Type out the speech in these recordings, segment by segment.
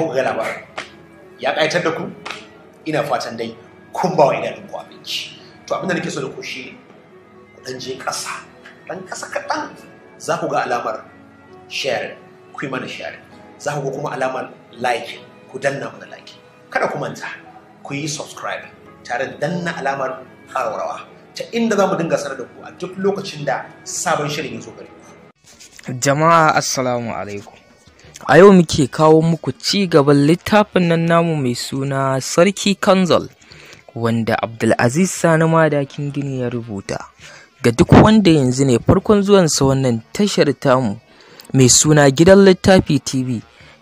kawo ga labarin ya ƙayatar da ku ina fatan dai kun ba wa idanun ku abinci to abinda nake so da ku shi ku dan je kasa dan ƙasa kaɗan za ku ga alamar share ku yi mana share za ku ga kuma alamar like ku danna mana like kada ku manta ku yi subscribe tare da danna alamar ƙararrawa ta inda za mu dinga sanar da ku a duk lokacin da sabon shirin ya zo gare ku jama'a assalamu alaikum a yau muke kawo muku ci gaban littafin nan namu mai suna sarki kanzal wanda abdulaziz sani madakin gini ya rubuta ga duk wanda yanzu ne farkon zuwansa wannan tashar tamu mai suna gidan littafi tv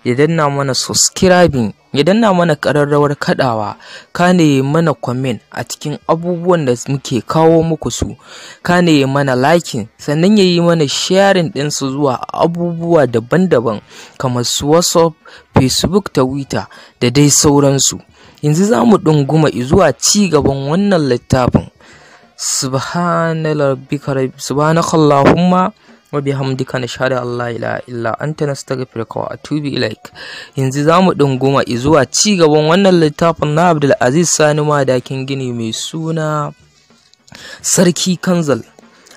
ya danna mana subscribing ya danna mana ƙararrawar kaɗawa kane mana comment a cikin abubuwan da muke kawo muku su kane mana liking sannan ya yi mana sharing ɗinsu zuwa abubuwa daban-daban kamar su whatsapp facebook twitter da dai sauransu yanzu za mu dunguma zuwa ci gaban wannan littafin subhanakallahumma wa bihamdika nashhadu an la ilaha illa anta nastaghfiruka wa atubu ilaik yanzu zamu dunguma zuwa ci gaban wannan littafin na Abdul Aziz Sani Madakin Gini mai suna Sarki Kanzal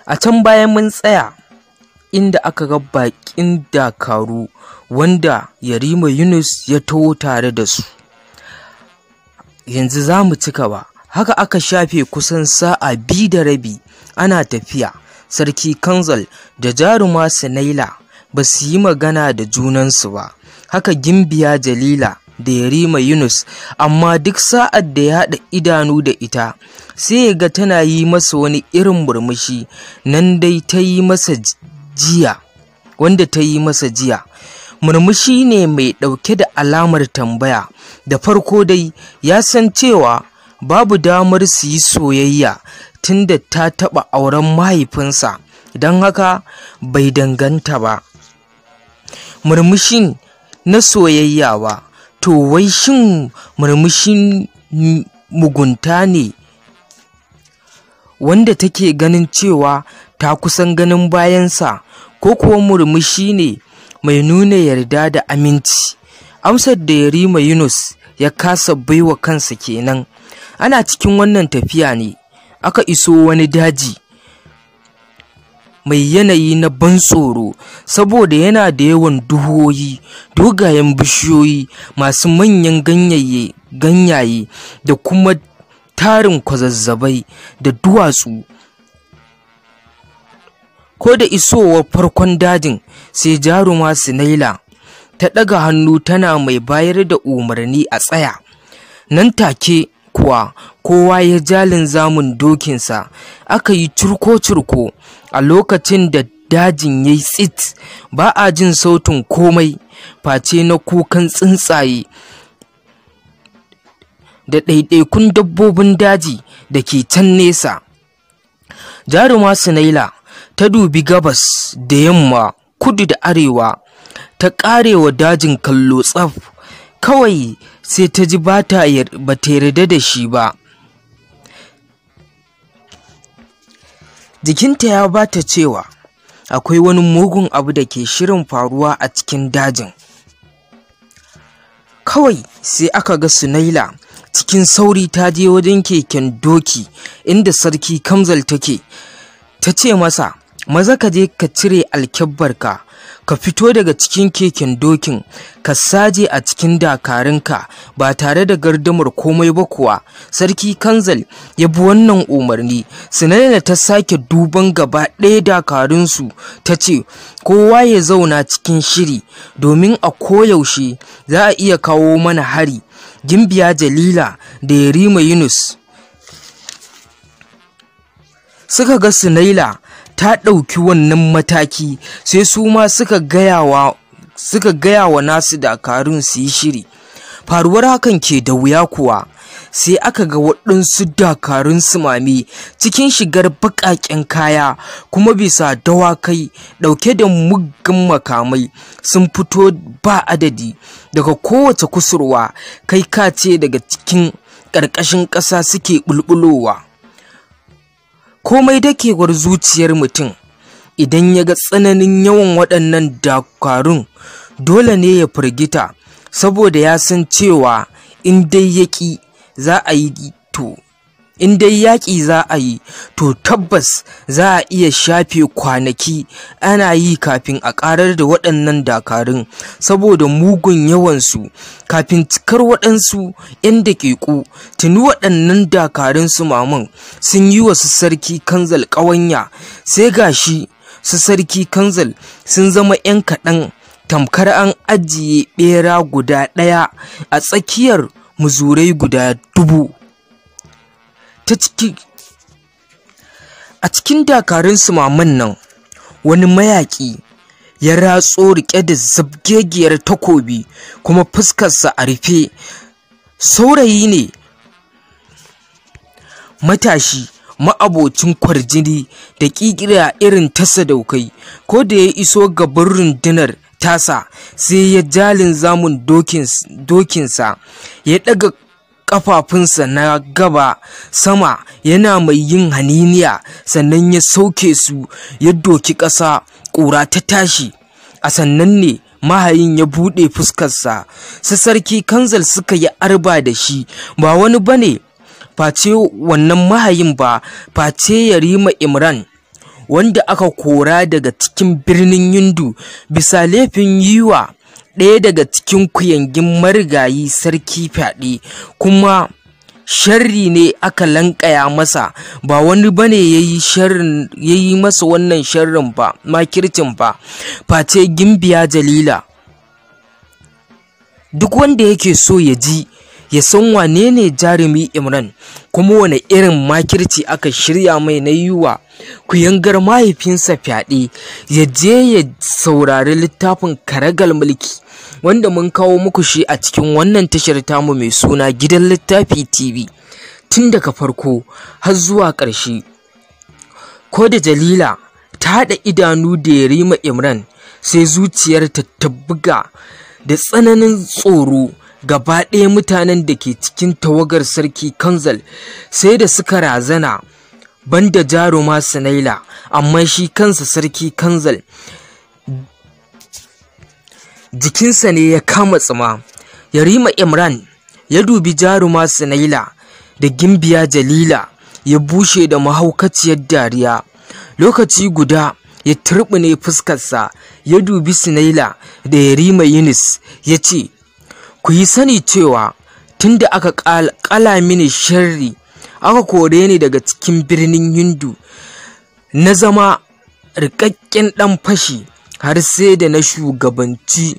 a can bayan mun tsaya inda aka ga bakin dakaru wanda Yarima Yunus ya taho tare da su yanzu zamu cika ba, haka aka shafe kusan sa'a biyu da rabi ana tafiya sarki kanzal da jaruma sinaila ba su yi magana da junansu ba haka gimbiya jalila da yarima yunus amma duk sa'ad da ya haɗa idanu da ita sai ya ga tana yi masa wani irin murmushi nan dai ta yi masa jiya wanda ta yi masa jiya murmushi ne mai ɗauke da alamar tambaya da farko dai ya san cewa babu damar su yi soyayya tunda ta taɓa auren mahaifinsa don haka bai danganta ba murmushin na soyayya ba to wai shin murmushin mugunta ne wanda take ganin cewa ta kusan ganin bayansa ko kuwa murmushi ne mai nuna yarda da aminci amsar da yarima yunus ya kasa baiwa kansa kenan ana cikin wannan tafiya ne aka iso wani daji mai yanayi na ban tsoro saboda yana da yawan duhoyi dogayen bishiyoyi masu manyan ganyaye da kuma tarin kwazazzabai da duwatsu ko da isowar farkon dajin sai jaruma sinaila ta ɗaga hannu tana mai bayar da umarni a tsaya nan take kuwa kowa ya jalin zamun dokinsa aka yi curko-curko a lokacin da dajin ya yi tsit ba a jin sautin komai face na kukan tsuntsaye da ɗaiɗaikun dabbobin daji da ke can nesa jaruma sinaila ta dubi gabas da yamma kudu da arewa ta ƙarewa dajin kallo tsaf kawai sai ta ji ba ta yarda da shi ba jikinta ya bata cewa akwai wani mugun abu da ke shirin faruwa a cikin dajin kawai sai aka ga sunaila cikin sauri ta je wajen keken doki inda sarki kamzal take ta ce masa maza ka je ka cire alkyabbarka ka fito daga cikin keken dokin ka saje a cikin dakarunka ba tare da gardamar komai ba kuwa sarki kanzal ya bi wannan umarni sinanina ta sake duban gaba ɗaya dakarunsu ta ce kowa ya zauna cikin shiri domin a koyaushe za a iya kawo mana hari gimbiya jalila da yarima yunus suka ga sinaila ta ɗauki wannan mataki sai su ma suka gaya wa gaya wa nasu dakarun su yi shiri faruwar hakan ke da wuya kuwa sai aka ga waɗansu dakarun sumami cikin shigar baƙaƙen kaya kuma bisa dawakai ɗauke da muggan makamai sun fito ba adadi daga kowace kusurwa kai kace daga cikin ƙarƙashin ƙasa suke ɓulɓulowa komai dakewar zuciyar mutum idan ya ga tsananin yawan waɗannan dakarun dole ne ya firgita saboda ya san cewa in dai yaƙi za a yi to in dai yaƙi za a yi to tabbas za a iya shafe kwanaki ana yi kafin a ƙarar da waɗannan dakarun saboda mugun yawansu kafin cikar waɗansu 'yan daƙiƙu tuni waɗannan dakarun su maman sun yi wasu sarki kanzal ƙawanya sai gashi su sarki kanzal sun zama 'yan kaɗan tamkar an ajiye ɓera guda ɗaya a tsakiyar muzurai guda dubu ta ciki a cikin dakarun su Maman nan wani mayaki ya ratso riƙe da zabgegiyar takobi kuma fuskarsa a rufe saurayi ne matashi ma'abocin kwarjini da kikira irin ta sadaukai ko da ya iso gabar rundunar tasa sai ya jalin zamun dokinsa ya ɗaga ƙafafunsa na gaba sama yana mai yin haniniya sannan ya sauke su ya doki ƙasa ƙura ta tashi a sannan ne mahayin ya buɗe fuskarsa su sarki kanzal suka yi arba da shi ba wani ba ne, face wannan mahayin ba face yarima imran wanda aka kora daga cikin birnin yindu bisa laifin yiwa ɗaya daga cikin kuyangin marigayi sarki fyaɗe kuma sharri ne aka lankaya masa ba wani bane ya yi masa wannan sharrin ba makircin ba face gimbiya jalila duk wanda yake so ya ji ya san wane ne jarumi imran kuma wane irin makirci aka shirya mai na yiwa kuyangar mahaifinsa fyaɗe ya je ya saurari littafin karagal mulki wanda mun kawo muku shi a cikin wannan tashar tamu mai suna gidan littafi tv tun daga farko har zuwa ƙarshe ko da jalila ta haɗa idanu da ya rima imran sai zuciyarta ta buga da tsananin tsoro gaba ɗaya mutanen da ke cikin tawagar sarki kanzal sai da suka razana banda jaruma sanaila amma shi kansa sarki kanzal jikinsa ne ya kama tsima yarima imran ya dubi jaruma sinaila da gimbiya jalila ya bushe da mahaukaciyar dariya lokaci guda ya turɓune fuskarsa ya dubi sinaila da yarima yunis ya ce ku yi sani cewa tunda aka ƙala mini sharri aka kore ni daga cikin birnin hindu na zama rikakken ɗan fashi har sai da na shugabanci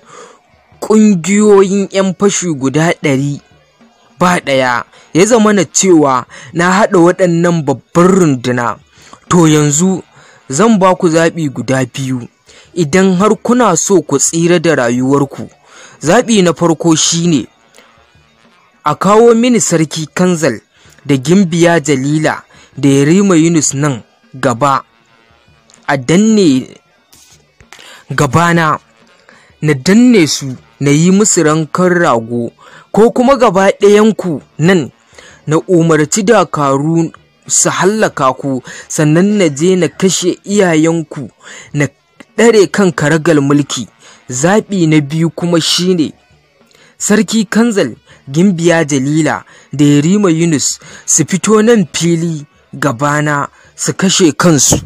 ƙungiyoyin 'yan fashi guda ɗari ba ɗaya ya zama na cewa na haɗa waɗannan babban runduna to yanzu zan ba ku zaɓi guda biyu idan har kuna so ku tsira da rayuwarku zaɓi na farko shine a kawo mini sarki kanzal da gimbiya jalila da ya rima yunus nan gaba a danne gabana na danne su na yi musu rankan rago ko kuma gaba ɗayanku nan na umarci dakaru su hallaka ku sannan na je na kashe iyayenku na ɗare kan karagal mulki zaɓi na biyu kuma shine sarki kanzal gimbiya jalila da yarima yunus su fito nan fili gabana su kashe kansu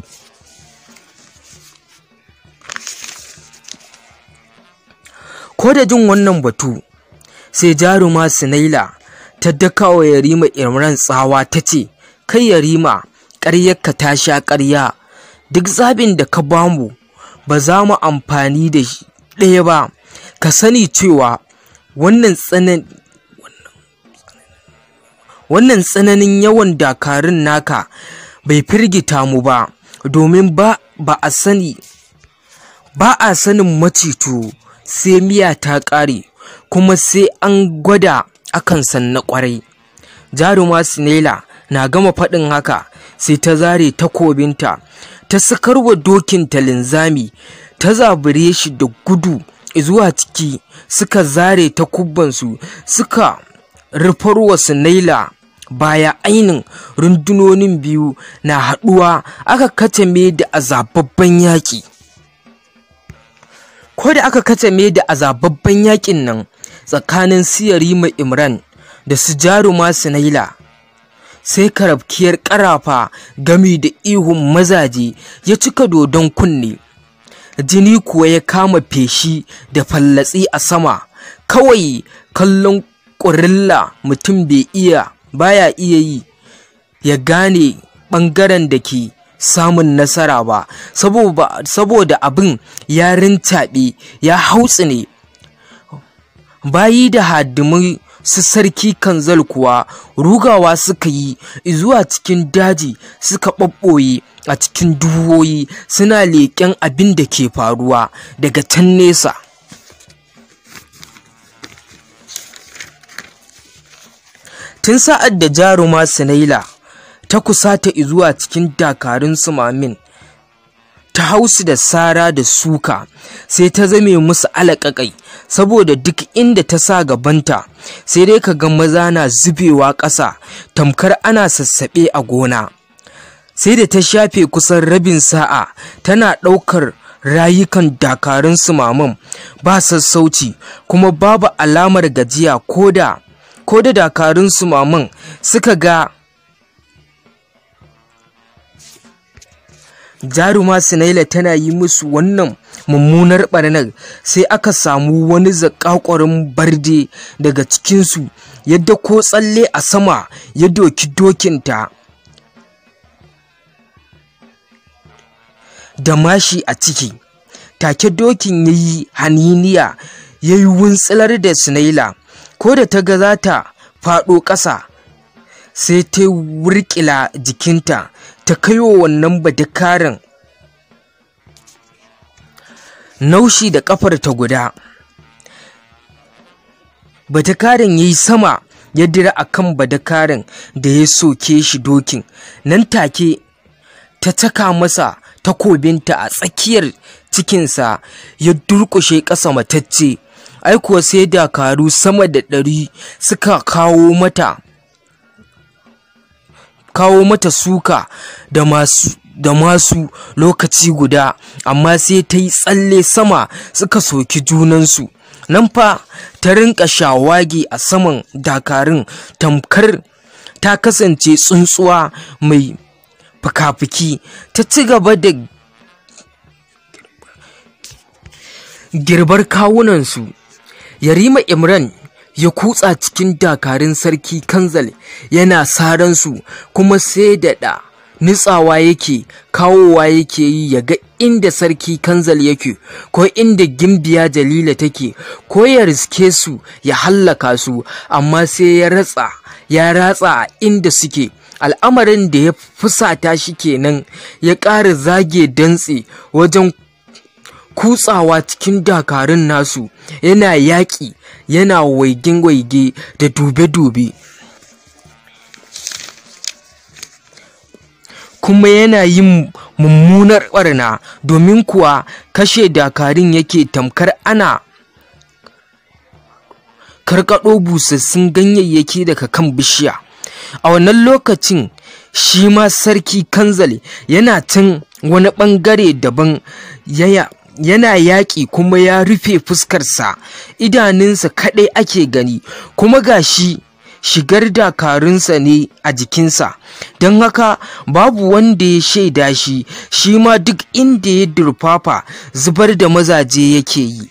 ko da jin wannan batu sai jaruma sinaila ta dakawa yarima imran tsawa ta ce kai yarima ƙaryarka ta sha ƙarya duk zaɓin da ka bamu ba za mu amfani da shi ɗaya ba ka sani cewa wannan tsanan wannan tsananin yawan dakarun naka bai firgita mu ba domin ba a sani ba a sanin macito sai miya ta ƙare kuma sai an gwada akan sanna ƙwarai jaruma sinela na gama faɗin haka sai ta zare ta takobinta ta sakarwa dokinta linzami ta zabure shi da gudu zuwa ciki suka zare ta takubbansu suka rufarwa sinaila baya ainin rundunonin biyu na haɗuwa aka katame da azababban yaƙi ko da aka katame da azababban yakin nan tsakanin siyarima imran da su jaruma Naila, sai karabkiyar karafa gami da ihun mazaje ya cika dodon kunne jini kuwa ya kama feshi da fallatsi a sama kawai kallon ƙurilla mutum bai iya baya iya yi ya gane ɓangaren da ke samun nasara ba saboda abin ya rintaɓe ya hautsine bayi da haddumi su sarki kanzal kuwa rugawa suka yi zuwa cikin daji suka ɓaɓɓoye a cikin duwoyi suna leƙen abin da ke faruwa daga can nesa tun sa'ad da jaruma sinaila ta kusata zuwa cikin dakarun sumamin ta hausu da sara da suka sai ta zame musu alaƙaƙai saboda duk inda ta sa gabanta sai dai ka ga maza na zubewa ƙasa tamkar ana sassaɓe a gona sai da ta shafe kusan rabin sa'a tana ɗaukar rayukan dakarun sumamin ba sassauci kuma babu alamar gajiya ko da dakarun sumamin suka ga jaruma sinaila tana yi musu wannan mummunar ɓarnar sai aka samu wani zakakwarin barde daga cikinsu yadda ko tsalle a sama ya doki dokinta da mashi a ciki take dokin ya yi haniniya ya yi wuntsilar da sinaila ko da ta ga za ta faɗo ƙasa sai ta wurƙila jikinta ta kai wa wannan badikarin naushi da kafar ta guda badikarin ya yi sama ya dira a kan badakarin da ya soke shi dokin nan take ta taka masa takobinta a tsakiyar cikinsa ya durƙushe ƙasa matacce ai sai dakaru sama da ɗari suka kawo mata kawo mata suka da masu da masu lokaci guda amma sai ta yi tsalle sama suka soki junansu nan fa ta rinka shawagi a saman dakarun tamkar ta kasance tsuntsuwa mai fikafiki, ta ci gaba da girbar kawunansu yarima imran ya kutsa cikin dakarun sarki kanzal yana saransu kuma sai da ɗa nutsawa yake kawowa yake yi ya ga inda sarki kanzal yake ko inda gimbiya jalila take ko ya riske su ya hallaka su amma sai ya ratsa ya ratsa inda suke al'amarin da ya fusata shi kenan ya ƙara zage dantse wajen kutsawa cikin dakarun nasu yana yaƙi yana waigin-waige da dube-dube kuma yana yin mummunar ɓarna domin kuwa kashe dakarun yake tamkar ana karkaɗo busassun ganyayyaki daga kan bishiya a wannan lokacin shi ma sarki kanzali yana tun wani ɓangare daban yaya yana yaƙi kuma ya rufe fuskarsa idanunsa kaɗai ake gani kuma gashi shigar dakarunsa ne a jikinsa don haka babu wanda ya shaida shi shi ma duk inda ya durfafa zubar da mazaje yake yi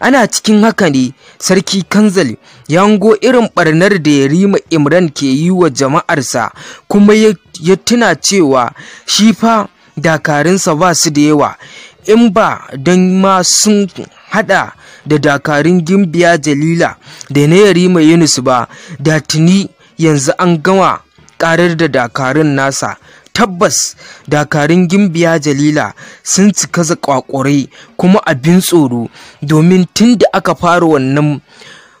ana cikin haka ne sarki kanzal ya hango irin barnar da ya rima imran ke yi wa jama'arsa kuma ya tuna cewa shi fa dakarunsa ba su da yawa in ba don ma sun hada da dakarun gimbiya jalila da na yarima yunus ba da tuni yanzu an gama karar da dakarun nasa tabbas dakarun gimbiya jalila sun cika zakwakware kuma abin tsoro domin tun da aka fara wannan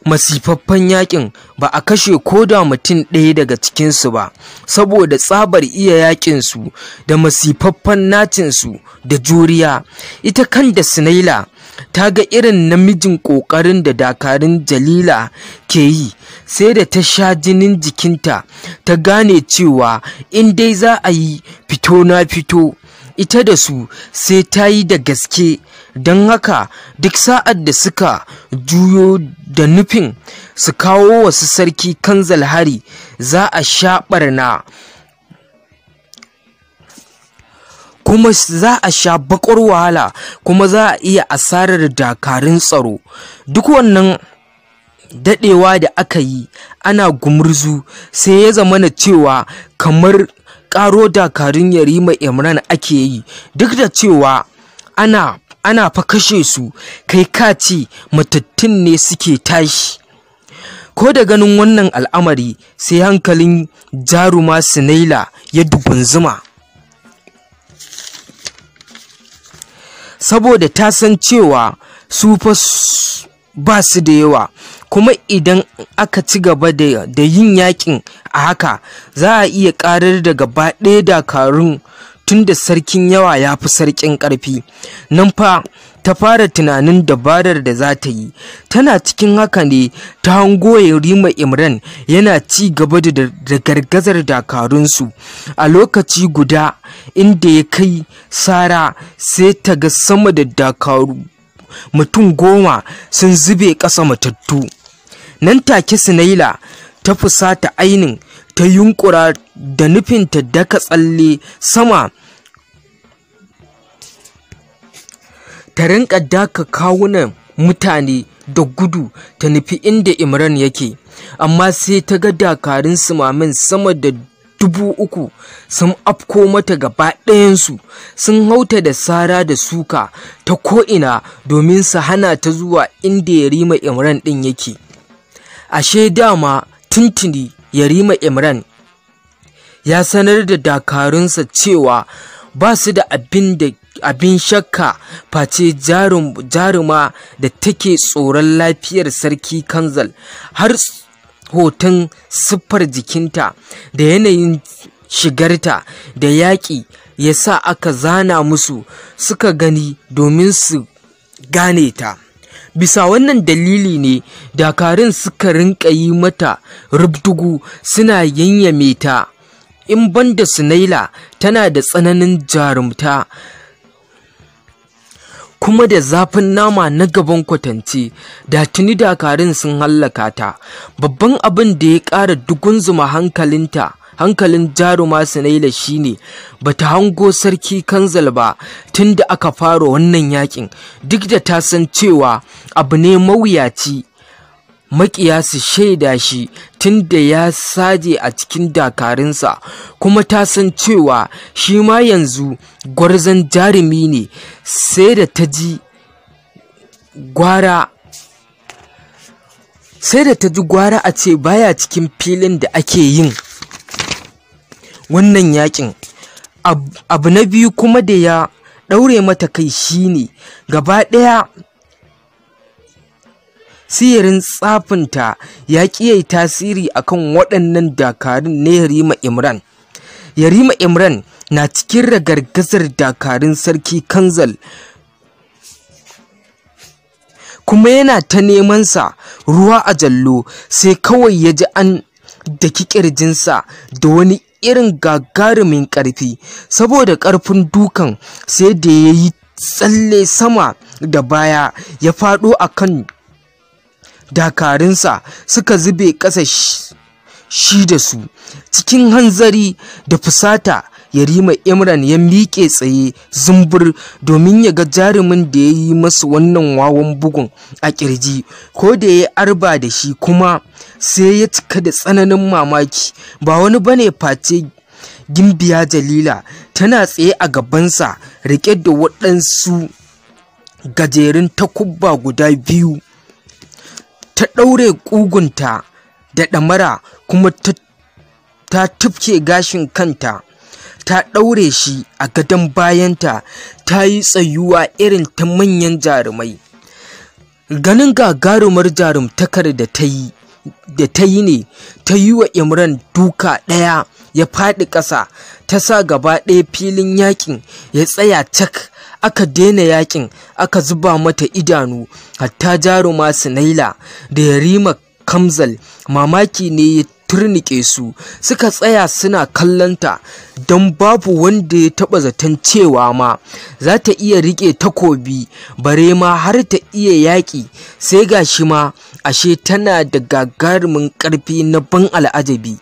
masifaffen yakin ba a kashe koda mutum ɗaya daga cikinsu ba saboda tsabar iya yakinsu da masifaffen nacinsu da juriya ita kan da sinaila ta ga irin namijin ƙoƙarin da dakarun jalila ke yi sai da ta sha jinin jikinta ta gane cewa in dai za a yi fito na fito ita da su sai ta yi da gaske don haka duk sa'ad da suka juyo da nufin su kawo wasu sarki kanzal hari za a sha barna kuma za a sha bakwar wahala kuma za a iya asarar dakarun tsaro duk wannan dadewa da aka yi ana gumurzu sai ya zama na cewa kamar ƙaro dakarun yarima imran ake yi duk da cewa ana ana fa kashe su kai kaci ce matattun ne suke tashi ko da ganin wannan al'amari sai hankalin jaruma sinaila ya zuma. saboda ta san cewa su fa ba su da yawa kuma idan aka ci gaba da yin yakin a haka za a iya karar da gaba ɗaya dakarun tunda sarkin yawa ya fi sarkin ƙarfi nan fa ta fara tunanin dabarar da za ta yi tana cikin haka ne ta hango rima imran yana ci gaba da gargazar dakarunsu a lokaci guda inda ya kai sara sai ta ga sama da dakaru mutum goma sun zube ƙasa matattu nan take sinaila ta fusata ainin ta yunkura da nufin daka tsalle sama ta rinka daka kawunan mutane da gudu ta nufi inda imran yake amma sai ta ga dakarun sumamin sama da dubu uku sun afko mata gaba ɗayansu sun hauta da sara da suka ta ko'ina domin su hana ta zuwa inda ya rima imran ɗin yake ashe dama tuntuni yarima imran ya sanar da dakarunsa cewa ba su da abin shakka face jaruma da take tsoron lafiyar sarki kanzal har hoton siffar jikinta da yanayin shigarta da yaƙi ya sa aka zana musu suka gani domin su gane ta bisa wannan dalili ne dakarun suka rinka yi mata rubdugu suna yanyame ta in banda sunaila tana da tsananin jarumta kuma da zafin nama na gaban kwatance da tuni dakarun sun hallaka ta babban abin da ya ƙara zuma hankalinta hankalin jaruma sinaila shine bata hango sarki kanzal ba tunda aka fara wannan yakin duk da ta san cewa abu ne mawuyaci makiya su shaida shi tunda ya saje a cikin dakarinsa, kuma ta san cewa shi ma yanzu gwarzon jarumi ne sai da ta ji gwara sai da ta ji gwara a ce baya cikin filin da ake yin wannan yakin abu na biyu kuma da ya ɗaure mata kai shine gaba ɗaya sihirin tsafinta ya ƙiye tasiri akan waɗannan dakarun na yarima imran yarima imran na cikin ragargazar dakarun sarki kanzal kuma yana ta neman sa ruwa a jallo sai kawai ya ji an daki ƙirjinsa da wani irin gagarumin ƙarfi saboda ƙarfin dukan sai da ya yi tsalle sama da baya ya faɗo a kan dakarunsa suka zube ƙasa shi da su cikin hanzari da fusata yarima imran ya miƙe tsaye zumbur domin ya ga jarumin da ya yi masu wannan wawan bugun a ƙirji ko da ya arba da shi kuma sai ya cika da tsananin mamaki ba wani bane face gimbiya jalila tana tsaye a gabansa riƙe da waɗansu gajerun takubba guda biyu ta ɗaure ƙugunta da ɗamara kuma ta tufke gashin kanta ta ɗaure shi a gadon bayanta ta yi tsayuwa irin ta manyan jarumai ganin gagarumar jarumtakar da ta yi da ta yi ne ta yi wa imran duka ɗaya ya faɗi ƙasa ta sa gaba ɗaya filin yaƙin ya tsaya cak aka daina yaƙin aka zuba mata idanu hatta jaruma sinaila da yarima kamzal mamaki ne ya turnike su suka tsaya suna kallonta don babu wanda ya taɓa zaton cewa ma za ta iya riƙe takobi bare ma har ta iya yaƙi sai ga shi ma ashe tana da gagarumin ƙarfi na ban al'ajabi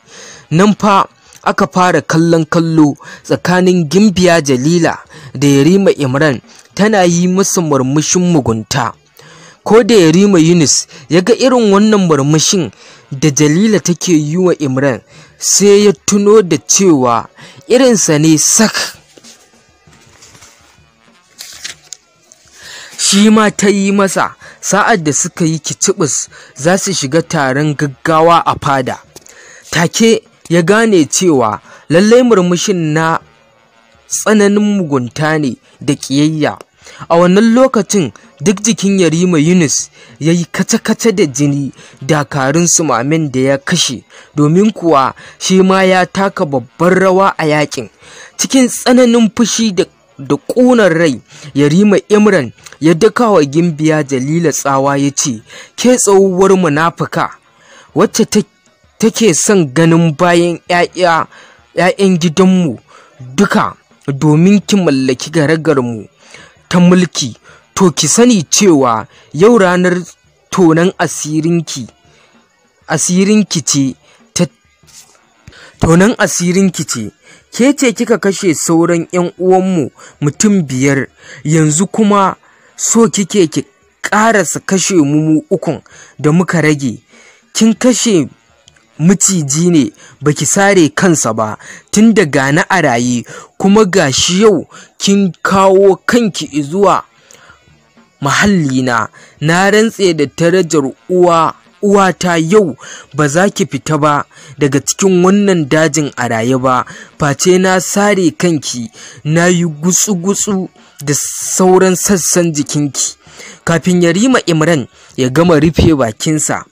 nan fa aka fara kallon kallo tsakanin gimbiya jalila da yarima imran tana yi masa murmushin mugunta ko da yarima yunus ya ga irin wannan murmushin da jalila take yi wa imran sai ya tuno da cewa irinsa ne sak shi ma ta yi masa sa'ad da suka yi kicibis za su shiga taron gaggawa a fada take ya gane cewa lallai murmushin na tsananin mugunta ne da ƙiyayya a wannan lokacin duk jikin yarima yunus ya yi kace-kace da jini dakarun sumamin da ya kashe domin kuwa shi ma ya taka babbar rawa a yakin cikin tsananin fushi da ƙunar rai yarima imran ya daka wa gimbiya jalila tsawa ya ce ke tsawuwar munafuka wacce take son ganin bayan 'ya'yan gidanmu duka domin ki mallaki garagarmu ta mulki to ki sani cewa yau ranar tonan asirinki asirinki ce tonan asirinki ce ke ce kika kashe sauran 'yan uwanmu mutum biyar yanzu kuma so kike ki karasa kashe mu ukun da muka rage kin kashe miciji ne baki sare kansa ba tun da na a raye kuma gashi yau kin kawo kanki zuwa mahallina na rantse da tarajar uwa uwata yau ba za ki fita ba daga cikin wannan dajin a raye ba face na sare kanki na yi gutsu-gutsu da sauran sassan jikinki kafin ya rima imran ya gama rufe bakinsa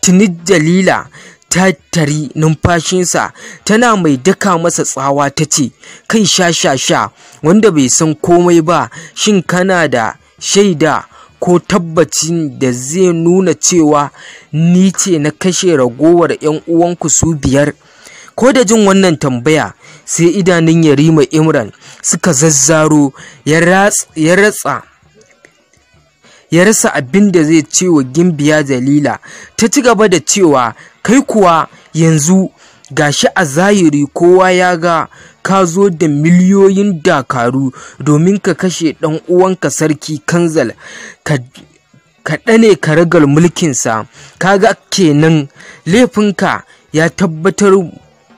tuni jalila ta tari numfashinsa tana mai daka masa tsawa ta ce kai sha sha sha wanda bai san komai ba shin kana da shaida ko tabbacin da zai nuna cewa ni ce na kashe ragowar 'yan uwanku su biyar ko da jin wannan tambaya sai idanun yarima imran suka zazzaro ya ratsa ya rasa abin da zai cewa gimbiya dalila ta ci gaba da cewa kai kuwa yanzu gashi a zahiri kowa ya ga ka zo da miliyoyin dakaru domin ka kashe ɗan uwanka sarki kanzal ka dane ka ragal mulkinsa kaga kenan laifinka ya tabbatar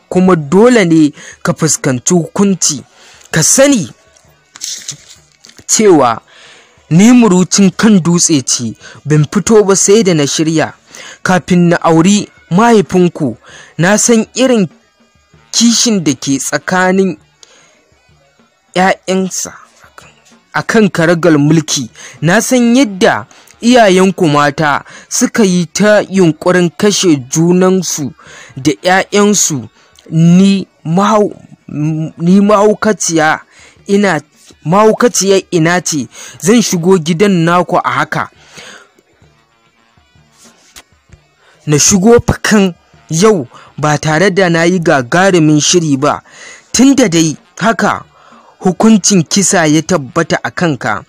kuma dole ne ka fuskanci hukunci ka sani cewa ni murucin kan dutse ce ban fito ba sai da na shirya kafin na auri mahaifinku na san irin kishin da ke tsakanin ‘ya'yansa a kan karagal mulki na san yadda iyayenku mata suka yi ta yunkurin kashe junansu da ‘ya'yansu ni mahaukaciya ina ce zan shigo gidan naku a haka na shigo fakan yau ba tare da na yi gagarumin shiri ba tun da dai haka hukuncin kisa ya tabbata a kanka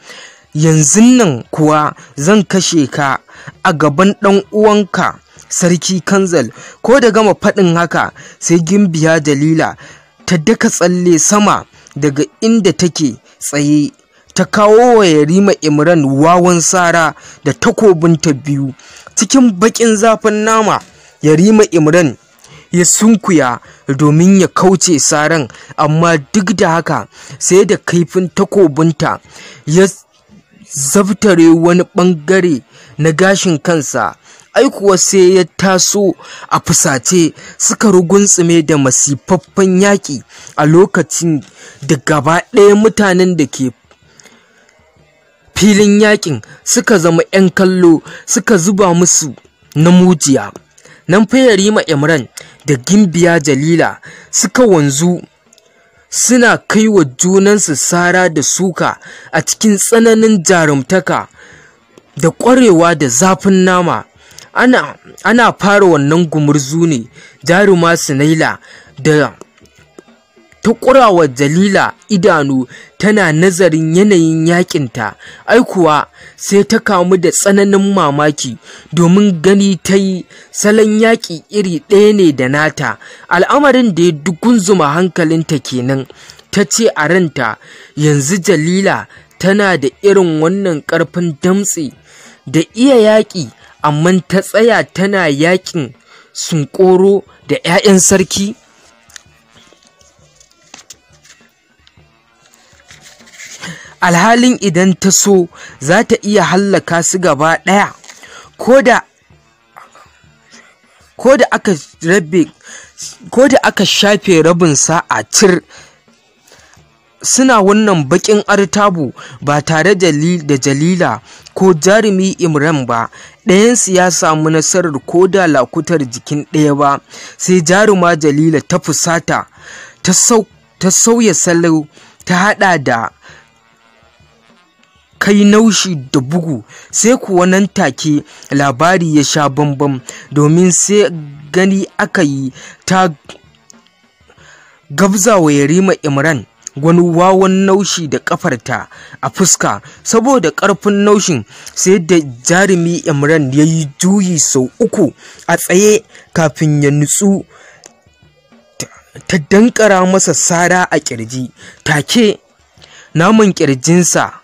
yanzu nan kuwa zan kashe ka a gaban ɗan uwanka sarki kanzal ko da gama faɗin haka sai gimbiya dalila ta daka tsalle sama daga inda take tsaye ta kawo wa yarima imran wawan sara da takobinta biyu cikin baƙin zafin nama yarima imran ya sunkuya domin ya kauce saran amma duk da haka sai da kaifin takobinta ya zabtare wani ɓangare na gashin kansa aikuwa sai ya taso a fusace suka rugunsume da masifaffen yaƙi a lokacin da gaba ɗaya mutanen da ke filin yakin suka zama 'yan kallo suka zuba musu na mujiya nan fayari imran da gimbiya jalila suka wanzu suna kai wa junansu sara da suka a cikin tsananin jarumtaka da ƙwarewa da zafin nama ana, ana fara wannan gumurzu ne jaruma sinaila da ta wa jalila idanu tana nazarin yanayin yakinta kuwa sai ta kamu da tsananin mamaki domin gani ta yi salon yaƙi iri ɗaya ne da nata al'amarin da ya dugunzuma hankalinta kenan ta ce a ranta yanzu jalila tana da irin wannan ƙarfin damtse da iya yaƙi amma ta tsaya tana yaƙin sunkoro da 'ya'yan sarki alhalin idan ta so za ta iya hallaka su gaba ɗaya ko da aka shafe rabin sa'a cir suna wannan bakin artabu ba tare da jalila ko jarumi imran ba ɗayansu ya samu nasarar ko da lakutar jikin ɗaya ba sai jaruma jalila ta fusata ta sauya salo ta hada da kai naushi da bugu sai kuwa nan take labari ya sha bambam domin sai gani aka yi ta gabzawa yarima imran wani wawan naushi da kafarta a fuska saboda karfin naushin sai da jarumi imran ya yi juyi sau uku a tsaye kafin ya nutsu ta dankara masa sara a kirji take naman kirjinsa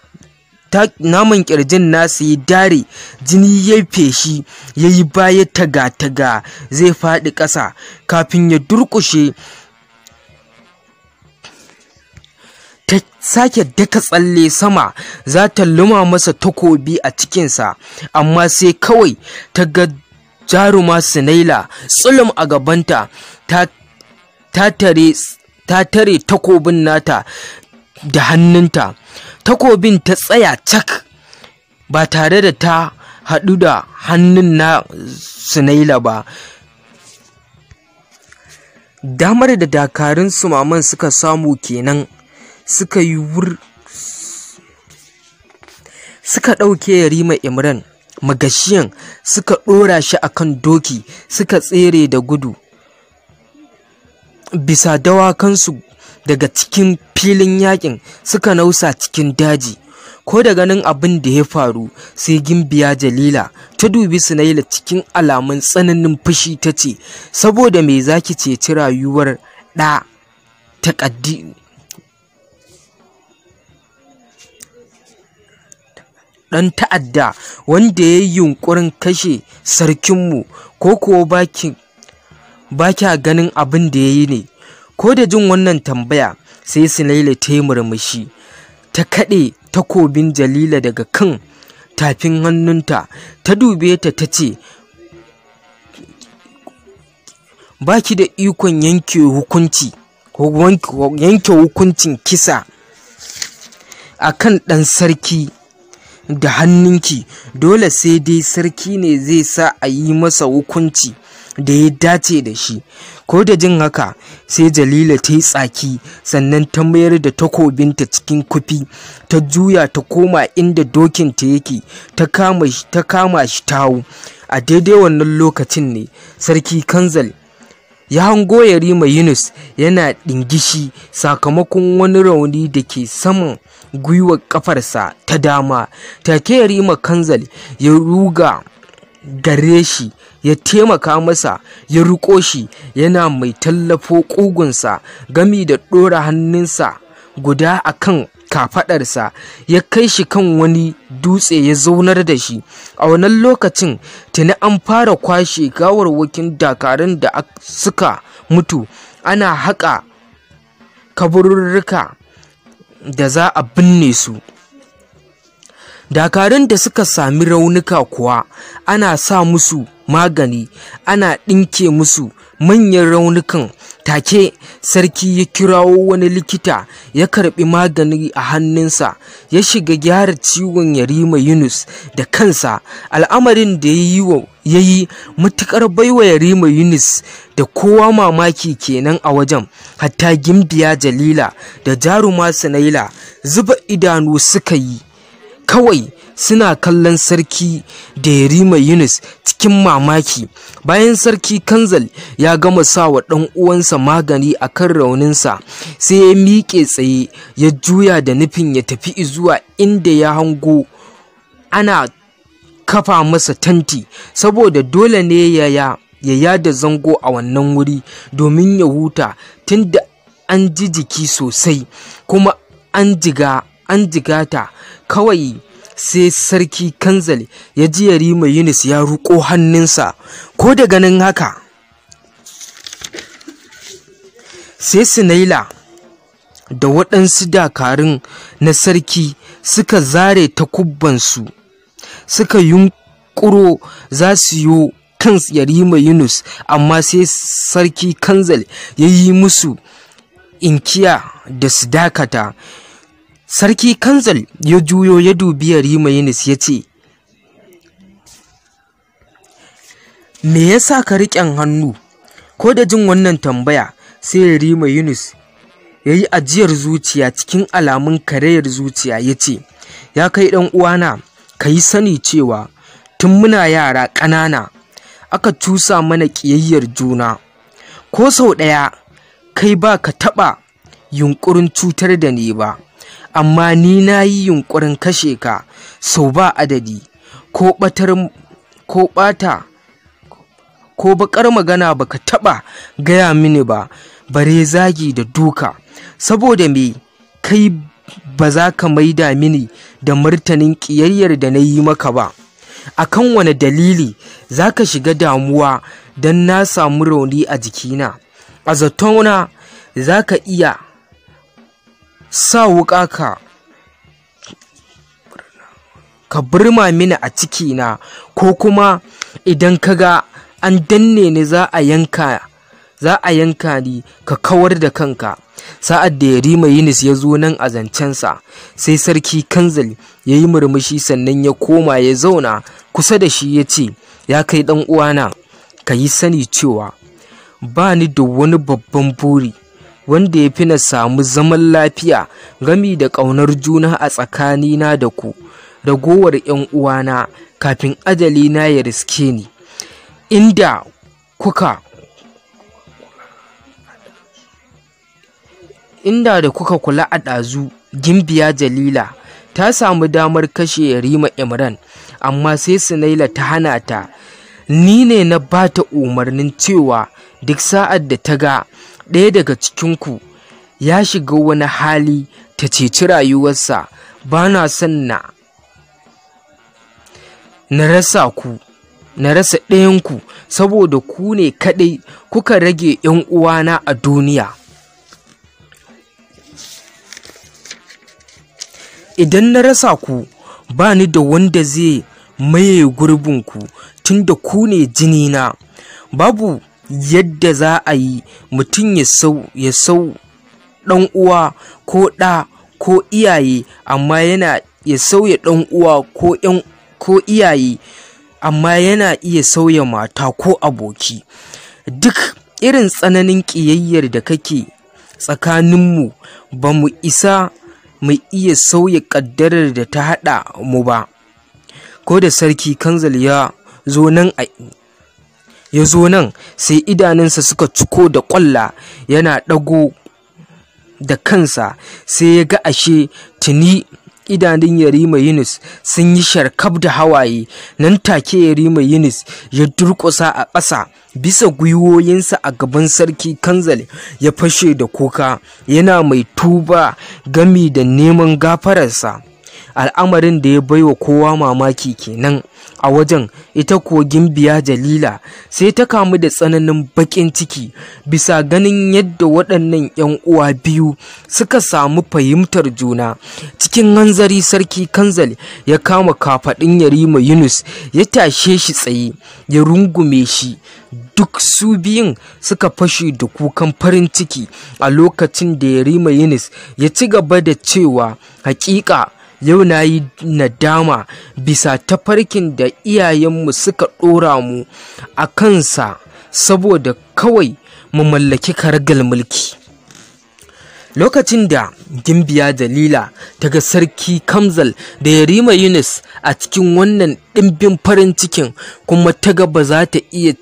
naman kirjin nasa ya dare jini ya feshi ya yi baya taga-taga zai faɗi ƙasa kafin ya durƙushe ta sake daka tsalle sama za ta luma masa takobi a cikinsa amma sai kawai ta ga jaruma sinaila tsulum a gabanta ta tare takobin nata da hannunta takobin ta tsaya cak ba tare da ta haɗu da hannun na sunaila ba damar da dakarun sumaman suka samu kenan suka yi wur suka ɗauke yarima imran magashiyan suka ɗora shi akan doki suka tsere da gudu bisa dawakansu daga cikin filin yakin suka nausa cikin daji ko da ganin abin da ya faru sai gimbiya jalila ta dubi sunaila cikin alamun tsananin fushi ta ce saboda mai zaki ceci rayuwar ɗa ta ɗan ta'adda wanda ya yi yunkurin kashe sarkinmu ko kuwa baki ba ganin abin da ya yi ne ko da jin wannan tambaya sai sinaila ta yi murmushi ta kaɗe takobin jalila daga kan tafin hannunta ta dube ta ta ce ba ki da ikon yanke hukunci yanke hukuncin kisa a kan ɗan sarki da hannunki dole sai dai sarki ne zai sa a yi masa hukunci da ya dace da shi ko da jin haka sai jalila ta yi tsaki sannan ta mayar da takobinta cikin kufi ta juya ta koma inda dokin ta yake ta kama shi tawo a daidai wannan lokacin ne sarki kanzal ya hango yarima yunus yana ɗingishi sakamakon wani rauni da ke saman gwiwar kafarsa ta dama take yarima kanzal ya ruga gare shi ya taimaka masa ya riƙo shi yana mai tallafo ƙugunsa gami da ɗora hannunsa guda a kan kafaɗarsa ya kai shi kan wani dutse ya zaunar da shi a wannan lokacin tuni an fara kwashe gawarwakin dakarun da suka mutu ana haƙa kaburruka da za a binne su dakarun da suka sami raunuka kuwa ana sa musu magani ana ɗinke musu manyan raunukan take sarki ya kirawo wani likita ya karbi magani a hannunsa ya shiga gyara ciwon yarima yunus da kansa al'amarin da ya yi matuƙar baiwa yarima yunus da kowa mamaki kenan a wajen hatta gimbiya jalila da jaruma sanaila zuba idanu suka yi kawai suna kallon sarki da yarima yunus cikin mamaki bayan sarki kanzal ya gama sa wa ɗan uwansa magani a kan rauninsa sai ya miƙe tsaye ya juya da nufin ya tafi zuwa inda ya hango ana kafa masa tanti saboda dole ne ya yada zango a wannan wuri domin ya huta tunda an ji jiki sosai kuma an jigata kawai sai sarki kanzal ya ji yarima yunus ya ruko hannunsa ko da ganin haka sai sinaila da waɗansu dakarun na sarki suka zare takubbansu suka yunkuro za su yi kan yarima yunus amma sai sarki kanzal ya yi musu inkiya da su dakata Sarki Kanzal ya juyo ya dubi Yarima Yunus ya ce, Me ya sa ka riƙen hannu? Ko da jin wannan tambaya sai Yarima Yunus ya yi ajiyar zuciya cikin alamun karayar zuciya ya ce, Ya kai ɗan uwana, ka yi sani cewa tun muna yara ƙanana aka cusa mana ƙiyayyar juna, ko sau ɗaya kai ba ka taɓa yunƙurin cutar da ni ba. amma ni na yi yunƙurin kashe ka sau ba adadi ko batar ko bata ko baƙar magana baka taɓa gaya mini ba bare zagi da duka saboda me kai ba za ka maida mini da martanin ƙiyayyar da na yi maka ba akan wani dalili za ka shiga damuwa don na samu rauni a jikina a zatona za ka iya sa wuƙa ka ka birma mini a cikina ko kuma idan ka ga an danne ni za a yanka za a yanka ni ka kawar da kanka sa'ad da yarima yunis ya zo nan a zancensa sai sarki Kanzil ya yi murmushi sannan ya koma ya zauna kusa da shi ya ce ya kai ɗan uwana ka yi sani cewa ba ni da wani babban buri wanda ya fi na samu zaman lafiya gami da ƙaunar juna a tsakanina da ku ragowar 'yan uwana kafin ajali na ya riske ni inda kuka inda da kuka kula a ɗazu gimbiya jalila ta samu damar kashe yarima imran amma sai sunaila ta hana ta ni ne na ba ta umarnin cewa duk sa'ad da ta ga ɗaya daga cikinku ya shiga wani hali ta ceci rayuwarsa ba na son na rasa ku na rasa ɗayanku saboda ku ne kaɗai kuka rage ‘yan uwana a duniya idan na rasa ku ba ni da wanda zai maye gurbinku tunda ku ne jini na, babu yadda za a yi mutum ya sau ya uwa ko da ko iyaye amma yana ya sauya dan uwa ko yan ko iyaye amma yana iya sauya mata ko aboki duk irin tsananin ƙiyayyar da kake tsakaninmu ba mu isa mu iya sauya ƙaddarar da ta haɗa mu ba ko da sarki kanzal ya zo nan a ya zo nan sai idanunsa suka ciko da ƙwalla yana ɗago da kansa sai ya ga ashe tuni idanun yarima yunus sun yi sharkab da hawaye nan take yarima yunus ya durƙusa a ƙasa bisa gwiwoyinsa a gaban sarki kanzal ya fashe da kuka yana mai tuba gami da neman gafararsa al'amarin da ya baiwa kowa mamaki kenan a wajen ita ko gimbiya jalila sai ta kamu da tsananin baƙin ciki bisa ganin yadda waɗannan 'yan uwa biyu suka samu fahimtar juna cikin hanzari sarki kanzal ya kama kafaɗin yarima yunus ya tashe shi tsaye ya rungume shi duk su biyun suka fashe da kukan farin ciki a lokacin da yarima yunus ya ci gaba da cewa hakika yau na yi nadama bisa tafarkin da iyayenmu suka ɗora mu a kansa saboda kawai mu mallaki karagal mulki lokacin da gimbiya dalila ta sarki kamzal da yarima yunus a cikin wannan ɗimbin farin cikin kuma ta ga ba za ta iya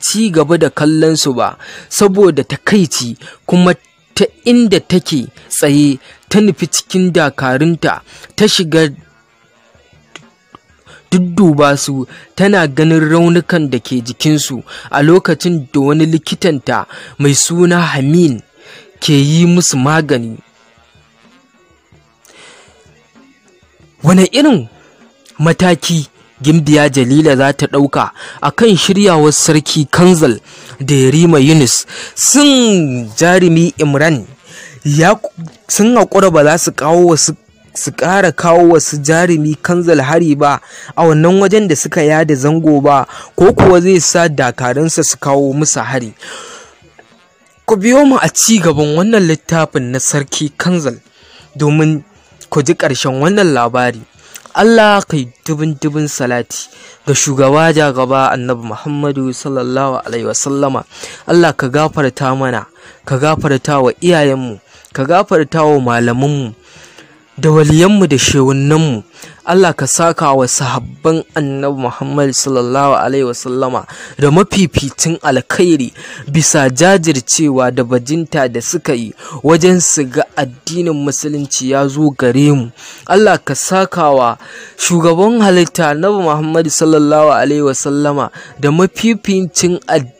ci gaba da kallon su ba saboda takaici kuma ta inda take tsaye ta nufi cikin dakarunta ta shiga dudduba su tana ganin raunukan da ke jikinsu a lokacin da wani likitanta mai suna hamin ke yi musu magani wane irin mataki gimbiya jalila za ta ɗauka a kan shiryawar sarki kanzal da yarima yunus sun jarumi imran sun haƙura ba za su kawo wasu su ƙara kawo wasu jarumi kanzal hari ba a wannan wajen da suka yada zango ba ko kuwa zai sa dakaransa su kawo musu hari ku biyo mu a ci gaban wannan littafin na sarki kanzal domin ku ji ƙarshen wannan labari Allah kai dubin dubin salati ga shugaba ja gaba annabi Muhammadu sallallahu alaihi wasallama Allah ka gafarta mana ka gafarta wa iyayenmu ka gafarta wa malamanmu da waliyanmu da shewunanmu Allah ka saka wa sahabban annabi Muhammad sallallahu alaihi wasallama da mafificin alkhairi bisa jajircewa da bajinta da suka yi wajen su ga addinin musulunci ya zo gare mu Allah ka saka wa shugaban halitta annabi Muhammad sallallahu alaihi wasallama da mafificin addinin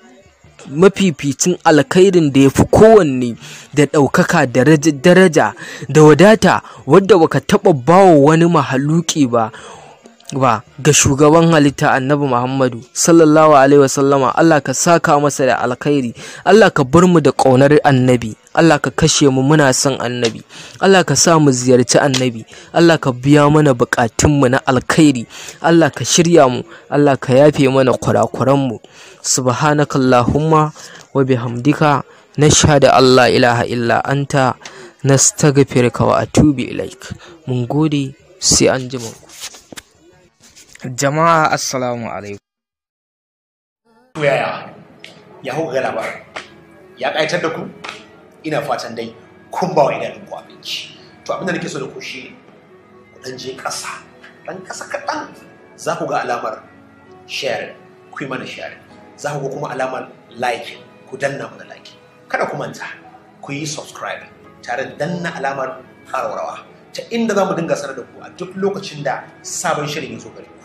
mafificin alkhairin da ya fi kowanne da ɗaukaka daraja da wadata wadda baka taɓa bawa wani mahaluki ba ba ga shugaban halitta annabi muhammadu sallallahu alaihi wasallama allah ka saka masa da alkhairi allah ka bar mu da ƙaunar annabi Allah ka kashe mu muna son annabi Allah ka sa mu ziyarci annabi Allah ka biya mana mu na alkhairi Allah ka shirya mu Allah ka yafe mana mu subhanakallahumma wa bihamdika nashhadu Allah ilaha illa anta nastaghfiruka wa atubu ilaik mun gode sai an jima jama'a assalamu alaikum yaya ya hau galaba ya ƙaitar da ku ina fatan dai kun ba wa idanun ku abinci to abinda nake so da ku shi ku dan je ƙasa dan ƙasa kaɗan za ku ga alamar share ku yi mana share, za ku ga kuma alamar like ku danna mana like kada ku manta ku yi subscribe tare da danna alamar ƙararrawa ta inda za mu dinga sanar da ku a duk lokacin da sabon shirin ya zo gare ku